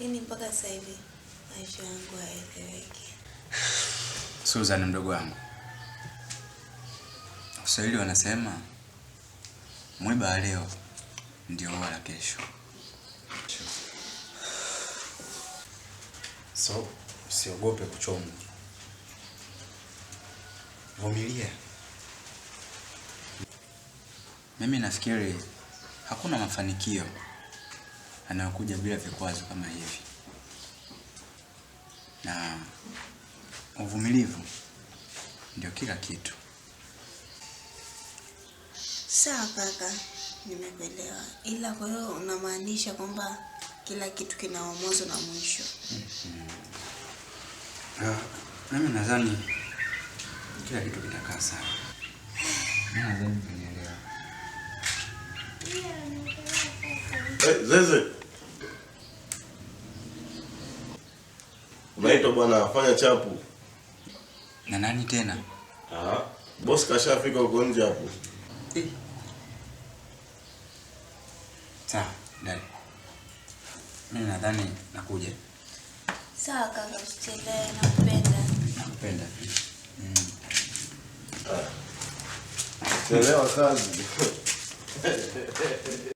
Yaani mpaka sasa hivi maisha yangu hayaeleweki. Susan, mdogo wangu, Waswahili wanasema mwiba leo ndio wala kesho. So usiogope kuchomwa, vumilia. Mimi nafikiri hakuna mafanikio anaokuja bila vikwazo kama hivi, na uvumilivu ndio kila kitu. Sawa kaka, nimekuelewa. Ila kwa hiyo unamaanisha kwamba kila kitu kina mwanzo na mwisho? Mm-hmm. Ah, mimi nadhani kila kitu kitakaa sawa. Eh, zeze unaitwa bwana, fanya chapu na nani tena? Ah, boss kashafika huko nje hapo. Eh. Sawa, dai. Mimi nadhani nakuja. Sawa kaka, usichelewe, nakupenda. Nakupenda. Mm. Ah. Chelewa kazi.